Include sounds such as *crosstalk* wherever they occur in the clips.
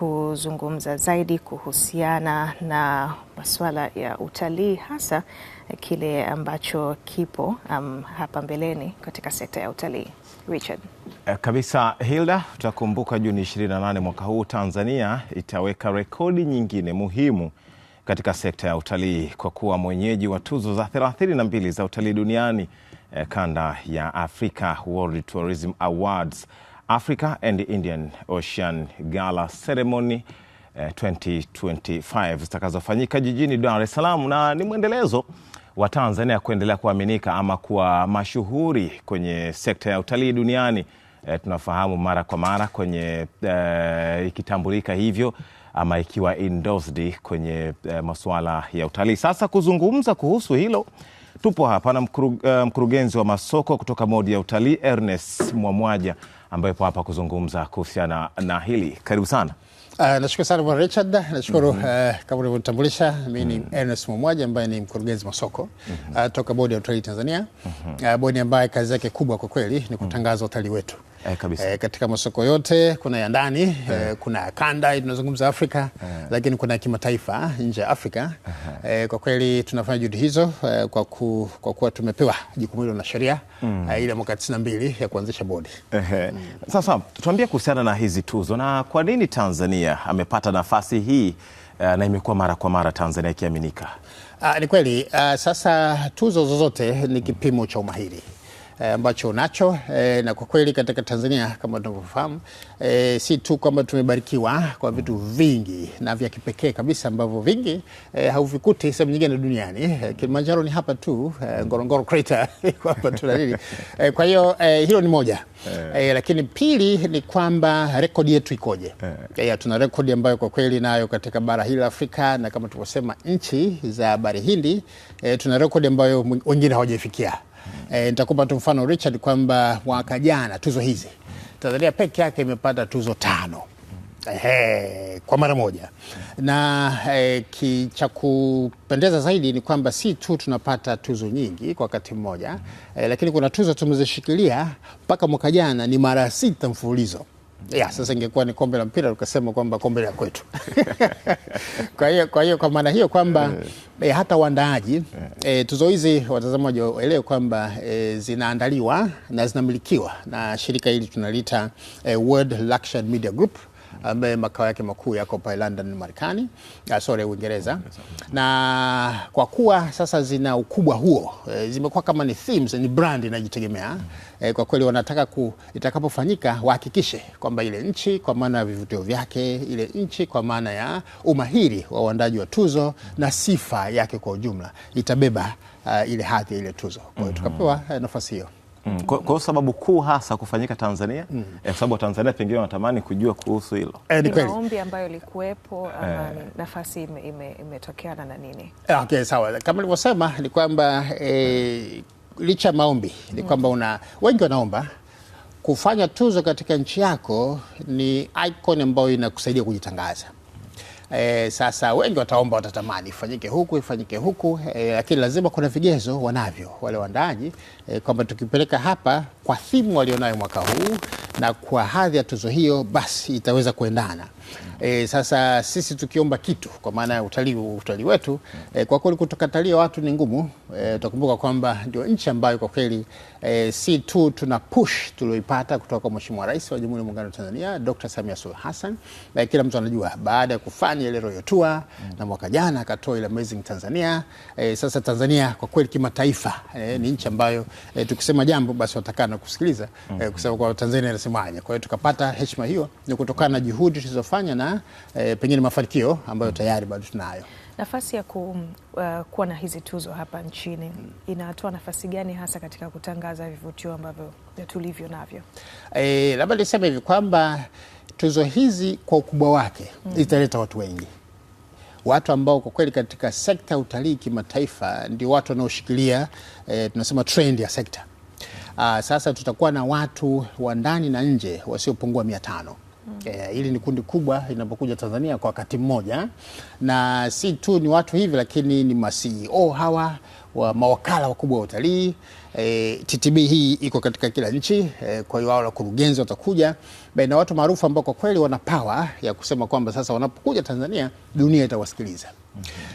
kuzungumza zaidi kuhusiana na masuala ya utalii hasa kile ambacho kipo um, hapa mbeleni katika sekta ya utalii. Richard. Eh, kabisa Hilda, tutakumbuka Juni 28 mwaka huu Tanzania itaweka rekodi nyingine muhimu katika sekta ya utalii kwa kuwa mwenyeji wa tuzo za 32 za utalii duniani eh, kanda ya Africa World Tourism Awards. Africa and the Indian Ocean Gala Ceremony 2025 eh, zitakazofanyika jijini Dar es Salaam na ni mwendelezo wa Tanzania kuendelea kuaminika ama kuwa mashuhuri kwenye sekta ya utalii duniani. E, tunafahamu mara kwa mara kwenye e, ikitambulika hivyo ama ikiwa endorsed kwenye e, masuala ya utalii. Sasa kuzungumza kuhusu hilo Tupo hapa na mkuru, uh, mkurugenzi wa masoko kutoka bodi ya utalii Ernest Mwamwaja ambaye po hapa kuzungumza kuhusiana na hili. Karibu sana. Uh, nashukuru sana Bwana Richard. Nashukuru mm -hmm. uh, kama ulivyotambulisha mi ni mm -hmm. Ernest Mwamwaja ambaye ni mkurugenzi masoko mm -hmm. uh, toka bodi ya utalii Tanzania mm -hmm. uh, bodi ambaye kazi yake kubwa kwa kweli ni mhm. kutangaza utalii wetu eh, Eh, katika masoko yote kuna ya ndani eh. Eh, kuna kanda tunazungumza Afrika eh. Lakini kuna kimataifa eh, nje ya Afrika eh. Eh, kwa kweli tunafanya juhudi hizo eh, kwa, ku, kwa kuwa tumepewa jukumu hilo na sheria mm. eh, ile mwaka 92 ya kuanzisha bodi eh. mm. Sasa tuambie kuhusiana na hizi tuzo na kwa nini Tanzania amepata nafasi hii eh, na imekuwa mara kwa mara Tanzania ikiaminika. Ah, ni kweli. Ah, sasa tuzo zozote ni kipimo cha umahiri. Eh, ambacho unacho e, na kwa kweli katika Tanzania kama tunavyofahamu e, si tu kwamba tumebarikiwa kwa vitu vingi na vya kipekee kabisa ambavyo vingi e, hauvikuti sehemu nyingine duniani Kilimanjaro ni hapa tu e, Ngorongoro crater *laughs* hapa tuna nini e, kwa hiyo e, hilo ni moja e, lakini pili ni kwamba rekodi yetu ikoje? E, tuna rekodi ambayo kwa kweli nayo katika bara hili la Afrika na kama tulivyosema nchi za bara Hindi e, tuna rekodi ambayo wengine hawajaifikia. E, nitakupa tu mfano Richard, kwamba mwaka jana tuzo hizi Tanzania peke yake imepata tuzo tano Ehe, kwa mara moja na e, cha kupendeza zaidi ni kwamba si tu tunapata tuzo nyingi kwa wakati mmoja e, lakini kuna tuzo tumezishikilia mpaka mwaka jana ni mara sita mfululizo ya sasa ingekuwa ni kombe la mpira tukasema kwamba kombe la kwetu. *laughs* Kwa hiyo kwa hiyo kwa maana hiyo kwamba e, hata waandaaji e, eh. tuzo hizi watazamaji waelewe kwamba e, zinaandaliwa na zinamilikiwa na shirika hili tunalita e, World Luxury Media Group ambaye eh, makao yake makuu yako pale London Marekani, uh, sorry Uingereza. Na kwa kuwa sasa zina ukubwa huo, e, zimekuwa kama ni themes, ni brand inajitegemea. E, kwa kweli wanataka ku, itakapofanyika wahakikishe kwamba ile nchi kwa maana ya vivutio vyake, ile nchi kwa maana ya umahiri wa uandaji wa tuzo na sifa yake kwa ujumla itabeba uh, ile hadhi ya ile tuzo. Kwa hiyo mhm. tukapewa nafasi hiyo. Mm. Kwa hiyo sababu kuu hasa kufanyika Tanzania mm. Eh, sababu Watanzania pengine wanatamani kujua kuhusu hilo eh, maombi ambayo ilikuwepo ama eh, nafasi imetokea ime, ime na nini? Ah, okay, sawa kama nilivyosema ni kwamba eh, licha ya maombi ni mm. kwamba una wengi wanaomba kufanya tuzo katika nchi yako ni icon ambayo inakusaidia kujitangaza e, sasa wengi wataomba, watatamani ifanyike huku ifanyike huku e, lakini lazima kuna vigezo wanavyo wale waandaaji e, eh, kwamba tukipeleka hapa kwa thimu walionayo mwaka huu na kwa hadhi ya tuzo hiyo, basi itaweza kuendana. E, sasa sisi tukiomba kitu kwa maana ya utalii utalii wetu e, kwa kweli kutukatalia watu ni ngumu. E, tutakumbuka kwamba ndio nchi ambayo kwa kweli e, si tu tuna push tulioipata kutoka kwa Mheshimiwa Rais wa Jamhuri ya Muungano wa Tanzania Dr. Samia Suluhu Hassan na kila mtu anajua baada ya kufanya ile Royal Tour mm. na mwaka jana akatoa ile Amazing Tanzania e, sasa Tanzania kwa kweli kimataifa e, ni nchi ambayo e, tukisema jambo basi watakana kusikiliza mm. e, kusema kwa Tanzania inasemaje. Kwa hiyo tukapata heshima hiyo ni kutokana na juhudi tulizofanya kufanya na e, pengine mafanikio ambayo tayari bado tunayo. Nafasi ya ku, uh, kuwa na hizi tuzo hapa nchini hmm. inatoa nafasi gani hasa katika kutangaza vivutio ambavyo tulivyo navyo? E, labda niseme hivi kwamba tuzo hizi kwa ukubwa wake mm. zitaleta watu wengi watu ambao kwa kweli katika sekta ya utalii kimataifa ndio watu wanaoshikilia e, tunasema trend ya sekta. Aa, ah, sasa tutakuwa na watu wa ndani na nje wasiopungua mia tano. Eh, hili ni kundi kubwa linapokuja Tanzania kwa wakati mmoja, na si tu ni watu hivi, lakini ni ma CEO hawa wa mawakala wakubwa wa utalii. E, eh, TTB hii iko katika kila nchi e, kwa hiyo wao wakurugenzi watakuja na watu maarufu ambao kwa kweli wana pawa ya kusema kwamba sasa wanapokuja Tanzania dunia itawasikiliza.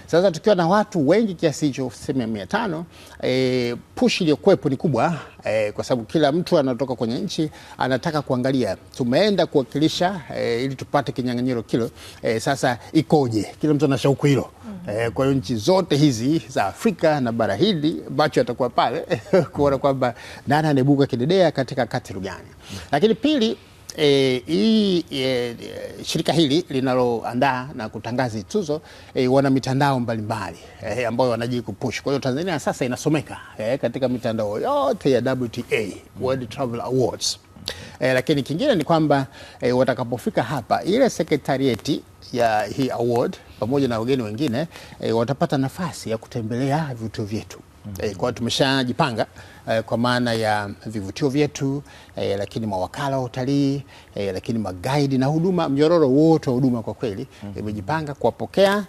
Sasa tukiwa na watu wengi kiasi hicho, sema mia tano, e, push iliyokuwepo ni kubwa e, kwa sababu kila mtu anatoka kwenye nchi anataka kuangalia tumeenda kuwakilisha e, ili tupate kinyang'anyiro kilo e, sasa ikoje? Kila mtu ana shauku hilo e, kwa hiyo nchi zote hizi za Afrika na bara hili bacho atakuwa pale *laughs* kuona kwamba nani anaibuka kidedea katika kati gani, mm-hmm. lakini pili E, hii e, shirika hili linaloandaa na kutangaza tuzo e, wana mitandao mbalimbali e, ambayo wanajii kupush. Kwa hiyo Tanzania sasa inasomeka e, katika mitandao yote ya WTA World Travel Awards. E, lakini kingine ni kwamba e, watakapofika hapa ile sekretarieti ya hii award pamoja na wageni wengine e, watapata nafasi ya kutembelea vituo vyetu mm -hmm. E, kwa tumeshajipanga e, kwa maana ya vivutio vyetu e, lakini mawakala wa utalii e, lakini magaidi na huduma, mnyororo wote wa huduma kwa kweli mhm. imejipanga mm -hmm. e, kuwapokea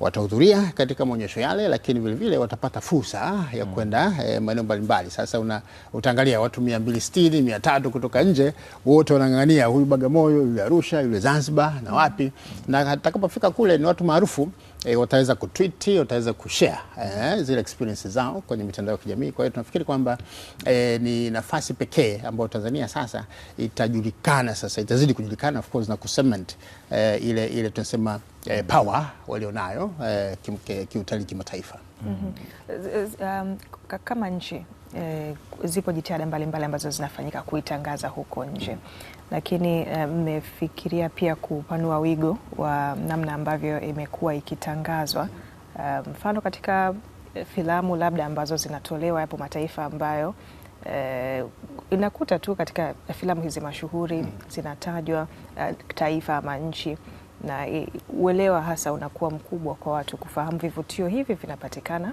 watahudhuria katika maonyesho yale, lakini vilevile watapata fursa ya mhm. kwenda e, maeneo mbalimbali. Sasa una, utaangalia watu 260 300 kutoka nje, wote wanang'ang'ania huyu Bagamoyo, yule Arusha, yule Zanzibar na wapi, mhm. na atakapofika kule ni watu maarufu e, wataweza kutwiti, wataweza kushare e, zile experiences zao kwenye mitandao ya kijamii. Kwa hiyo tunafikiri kwamba e, ni nafasi pekee ambayo Tanzania sasa itajulikana, sasa itazidi kujulikana of course na kusement e, ile, ile tunasema e, power walionayo e, kiutalii ki kimataifa. mm -hmm. um, kama nchi e, zipo jitihada mbalimbali ambazo zinafanyika kuitangaza huko nje mm -hmm lakini eh, mmefikiria um, pia kupanua wigo wa namna ambavyo imekuwa ikitangazwa eh, mfano um, katika filamu labda ambazo zinatolewa, yapo mataifa ambayo uh, inakuta tu katika filamu hizi mashuhuri hmm. zinatajwa uh, taifa ama nchi, na uelewa hasa unakuwa mkubwa kwa watu kufahamu vivutio hivi vinapatikana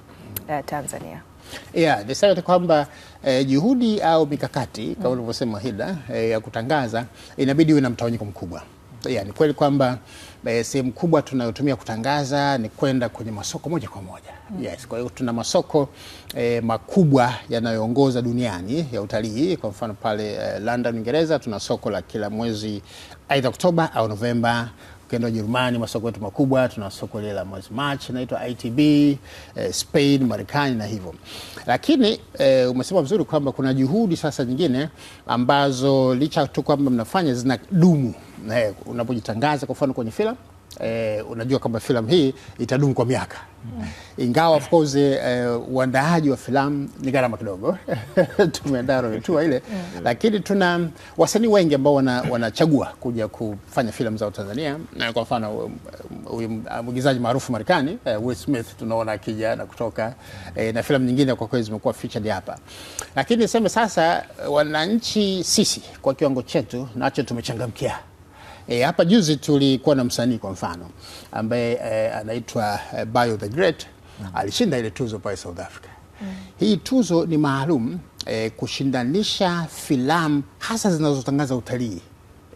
uh, Tanzania. Yeah, ni tu kwamba eh, juhudi au mikakati kama mm. ulivyosema Hilda eh, ya kutangaza inabidi iwe na mtawanyiko mkubwa. Yeah, ni kweli kwamba eh, sehemu kubwa tunayotumia kutangaza ni kwenda kwenye masoko moja kwa moja. Mm. Yes, kwa hiyo tuna masoko eh, makubwa yanayoongoza duniani ya utalii. Kwa mfano pale eh, London, Uingereza, tuna soko la kila mwezi aidha Oktoba au Novemba Ukienda Ujerumani, masoko yetu makubwa, tuna soko lile la mwezi March inaitwa ITB, eh, Spain, Marekani na hivyo. Lakini eh, umesema vizuri kwamba kuna juhudi sasa nyingine ambazo licha tu kwamba mnafanya zina dumu eh, unapojitangaza kwa mfano kwenye filamu Eh, unajua kwamba filamu hii itadumu kwa miaka mm. Ingawa of course eh, eh, uandaaji wa filamu ni gharama kidogo *laughs* tumeandaa roho tu ile mm. Lakini tuna wasanii wengi ambao wanachagua wana kuja kufanya filamu zao Tanzania. Kwa mfano huyu um, um, um, mwigizaji maarufu Marekani eh, Will Smith tunaona akija na kutoka eh, na filamu nyingine kwa kweli zimekuwa featured hapa, lakini niseme sasa, wananchi sisi kwa kiwango chetu nacho tumechangamkia E, hapa juzi tulikuwa na msanii kwa mfano ambaye e, anaitwa e, Bio the Great mm. alishinda ile tuzo pale South Africa mm. Hii tuzo ni maalum e, kushindanisha filamu hasa zinazotangaza utalii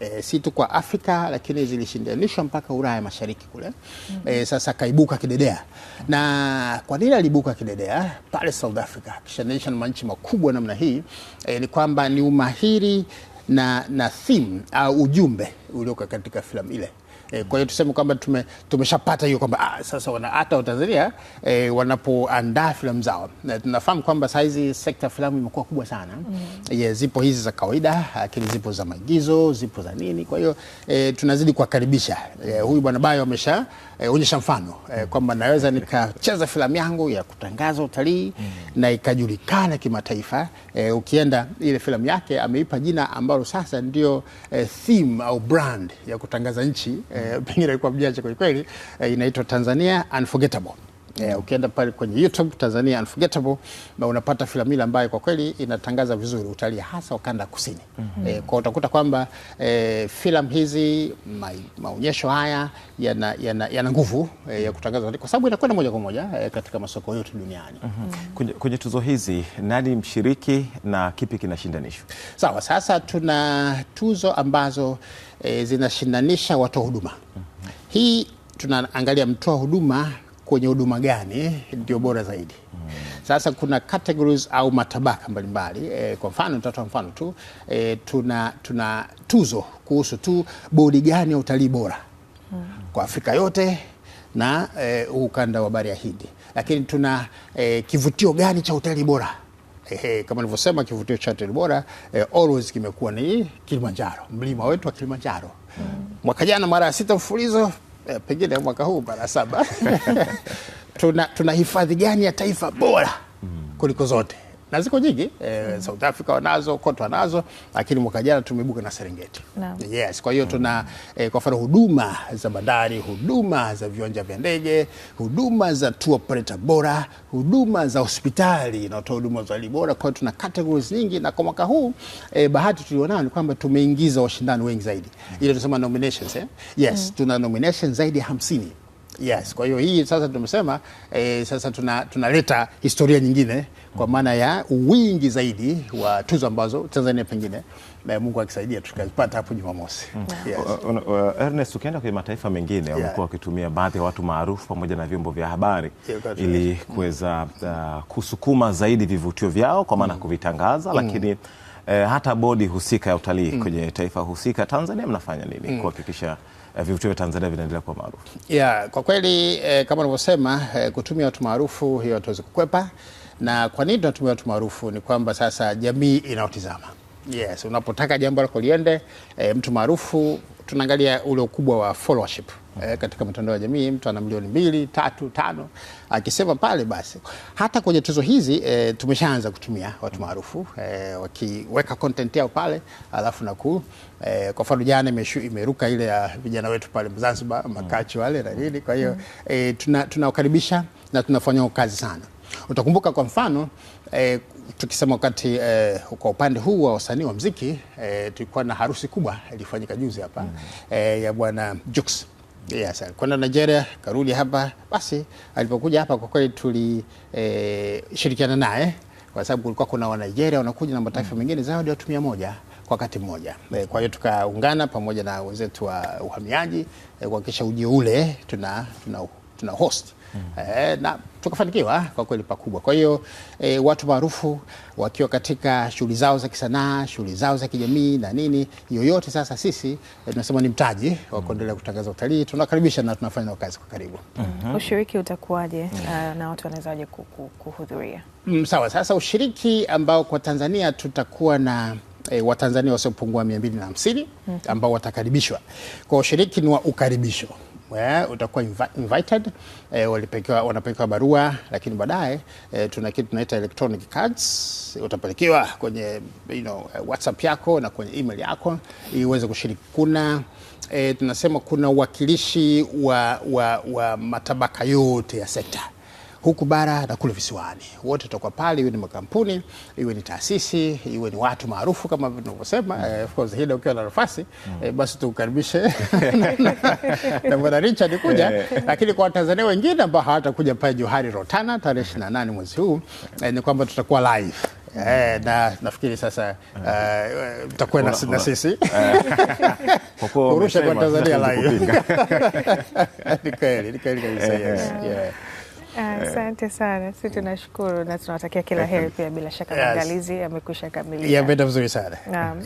E, si tu kwa Afrika lakini zilishindanishwa mpaka Ulaya Mashariki kule. mm E, sasa kaibuka kidedea. mm Na kwa nini alibuka kidedea pale South Africa kishindanisha na manchi makubwa namna hii? E, ni kwamba ni umahiri na, na theme au ujumbe ulioka katika filamu ile. E, kwa hiyo tuseme kwamba tume, tumeshapata hiyo kwamba ah, sasa wana hata Watanzania e, wanapoandaa filamu zao na tunafahamu kwamba saizi sekta filamu imekuwa kubwa sana mm. E, zipo hizi za kawaida lakini zipo za maigizo, zipo za nini. Kwa hiyo e, tunazidi kuwakaribisha e, huyu bwana Bayo amesha e, onyesha mfano e, kwamba naweza nikacheza filamu yangu ya kutangaza utalii mm. na ikajulikana kimataifa. E, ukienda ile filamu yake ameipa jina ambalo sasa ndio e, theme au brand ya kutangaza nchi e, pengine ikuwa mjanja kwelikweli, e, inaitwa Tanzania Unforgettable. Yeah, ukienda pale kwenye YouTube Tanzania Unforgettable na unapata filamu ambayo kwa kweli inatangaza vizuri utalii hasa ukanda kusini. Mm -hmm. E, kwa utakuta kwamba e, filamu hizi ma, maonyesho haya yana yana, yana nguvu e, ya kutangaza kwa sababu inakwenda moja kwa moja e, katika masoko yote duniani. Mm -hmm. Kwenye, kwenye tuzo hizi nani mshiriki na kipi kinashindanishwa? Sawa, sasa tuna tuzo ambazo e, zinashindanisha watoa huduma. Mm -hmm. Hii tunaangalia mtoa huduma kwenye huduma gani ndio bora zaidi. mm. Sasa kuna categories au matabaka mbalimbali e, kwa mfano nitatoa mfano tu e, tuna, tuna tuzo kuhusu tu bodi gani ya utalii bora mm. kwa Afrika yote na e, ukanda wa Bahari ya Hindi, lakini tuna e, kivutio gani cha utalii bora e, kama nilivyosema kivutio cha utalii bora e, always kimekuwa ni Kilimanjaro, mlima wetu wa Kilimanjaro. mm. Mwaka jana mara ya sita mfulizo eh, pengine mwaka huu mara saba *laughs* tuna, tuna hifadhi gani ya taifa bora hmm. kuliko zote? na ziko nyingi e, mm. South Africa wanazo, kote wanazo, lakini mwaka jana tumeibuka na Serengeti no. Yes, kwa hiyo tuna e, kwa mfano huduma za bandari, huduma za viwanja vya ndege, huduma za tour operator bora, huduma za hospitali inaotoa huduma za hali bora. Kwa hiyo tuna categories nyingi, na kwa mwaka huu e, bahati tulionayo ni kwamba tumeingiza washindani wengi zaidi, ile tunasema nominations eh? Yes, mm. tuna nominations zaidi ya hamsini Yes, kwa hiyo hii sasa tumesema e, sasa tunaleta tuna historia nyingine kwa maana ya wingi zaidi wa tuzo ambazo Tanzania pengine e, Mungu akisaidia tukazipata hapo Jumamosi. Mm. Yes. Ernest, ukienda kwenye mataifa mengine yeah, wamekuwa wakitumia baadhi ya watu maarufu pamoja na vyombo vya habari yeah, ili mm. kuweza uh, kusukuma zaidi vivutio vyao kwa maana mm, kuvitangaza mm, lakini eh, hata bodi husika ya utalii mm, kwenye taifa husika Tanzania mnafanya nini mm, kuhakikisha Eh, vivutio vya Tanzania vinaendelea kuwa maarufu? Yeah, kwa kweli eh, kama unavyosema eh, kutumia watu maarufu hiyo hatuwezi kukwepa. Na kwa nini tunatumia watu maarufu? Ni kwamba sasa jamii inaotizama Yes, unapotaka jambo lako liende, eh, mtu maarufu tunaangalia ule ukubwa wa followership eh, katika mitandao ya jamii mtu ana milioni mbili tatu tano akisema pale basi. Hata kwenye tuzo hizi eh, tumeshaanza kutumia watu maarufu eh, wakiweka content yao pale alafu na ku eh, kwa mfano jana imeruka ile ya vijana wetu pale Zanzibar makachi wale na nini. Kwa hiyo eh, tunawakaribisha tuna na tunafanya kazi sana. Utakumbuka kwa mfano eh, tukisema wakati eh, kwa upande huu wa wasanii wa mziki eh, tulikuwa na harusi kubwa ilifanyika juzi hapa mm eh, ya bwana Jux Yes, kwenda Nigeria karudi hapa. Basi alipokuja hapa kwa kweli tulishirikiana eh, naye kwa sababu kulikuwa kuna Wanigeria wanakuja na mataifa mm. mengine mm. zaidi ya watu mia moja kwa wakati mmoja. Eh, kwa hiyo tukaungana pamoja na wenzetu wa uhamiaji eh, kuhakikisha ujio ule tuna, tuna tuna host mm. na tukafanikiwa eh, kwa kweli pakubwa. Kwa hiyo eh, watu maarufu wakiwa katika shughuli zao za kisanaa, shughuli zao za kijamii na nini yoyote, sasa sisi eh, tunasema ni mtaji wa kuendelea kutangaza utalii. Tunakaribisha na tunafanya nao kazi kwa karibu. mm -hmm. Ushiriki utakuwaje? mm -hmm. Uh, na watu wanawezaje kuhudhuria? Mm, sawa. Sasa ushiriki ambao kwa Tanzania tutakuwa na E, Watanzania wasiopungua 250 mm-hmm. ambao watakaribishwa. Kwa ushiriki ni wa ukaribisho. Eh, utakuwa invited eh, walipekewa, wanapekewa barua, lakini baadaye eh, tuna kitu tunaita electronic cards, utapelekewa kwenye you know, eh, WhatsApp yako na kwenye email yako ili uweze kushiriki. Kuna eh, tunasema kuna uwakilishi wa, wa, wa matabaka yote ya sekta huku bara na kule visiwani, wote tutakuwa pale, iwe ni makampuni, iwe ni taasisi, iwe ni watu maarufu kama tunavyosema. mm. of course hilo ukiwa na nafasi mm. Eh, basi tukukaribishe *laughs* na bwana Richard kuja, eh. lakini kwa Watanzania wengine ambao hawatakuja pale Johari Rotana tarehe 28 mwezi huu eh, ni kwamba tutakuwa live Eh, na nafikiri sasa mm. mtakuwa uh, na sisi kurusha *laughs* kwa Tanzania live. *laughs* Ni kweli, ni kweli kabisa. Asante sana, si mm. tunashukuru na tunawatakia kila heri pia. Bila shaka maandalizi yamekwisha kamilika, yameenda vizuri sana.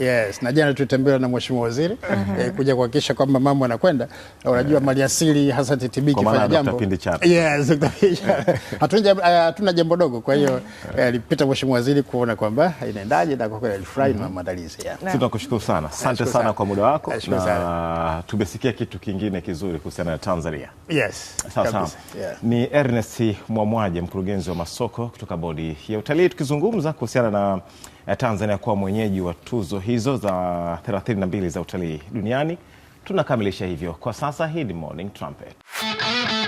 Yes, na jana tulitembelewa na mheshimiwa waziri uh-huh. eh, kuja kuhakikisha kwamba mambo yanakwenda. Unajua eh. maliasili hasa TTB kifanya jambo, eh. hatuna jambo dogo. Kwa hiyo mm. alipita mheshimiwa waziri kuona kwamba inaendaje, na kwa kweli alifurahi na mm-hmm. maandalizi. Tunakushukuru sana, asante sana kwa muda wako, na tumesikia kitu kingine kizuri kuhusiana na Tanzania. Yes, sawa sawa, ni Ernest Cleophas Mwamwaje, mkurugenzi wa masoko kutoka Bodi ya Utalii, tukizungumza kuhusiana na eh, Tanzania kuwa mwenyeji wa tuzo hizo za 32 za utalii duniani. Tunakamilisha hivyo kwa sasa. Hii ni Morning Trumpet.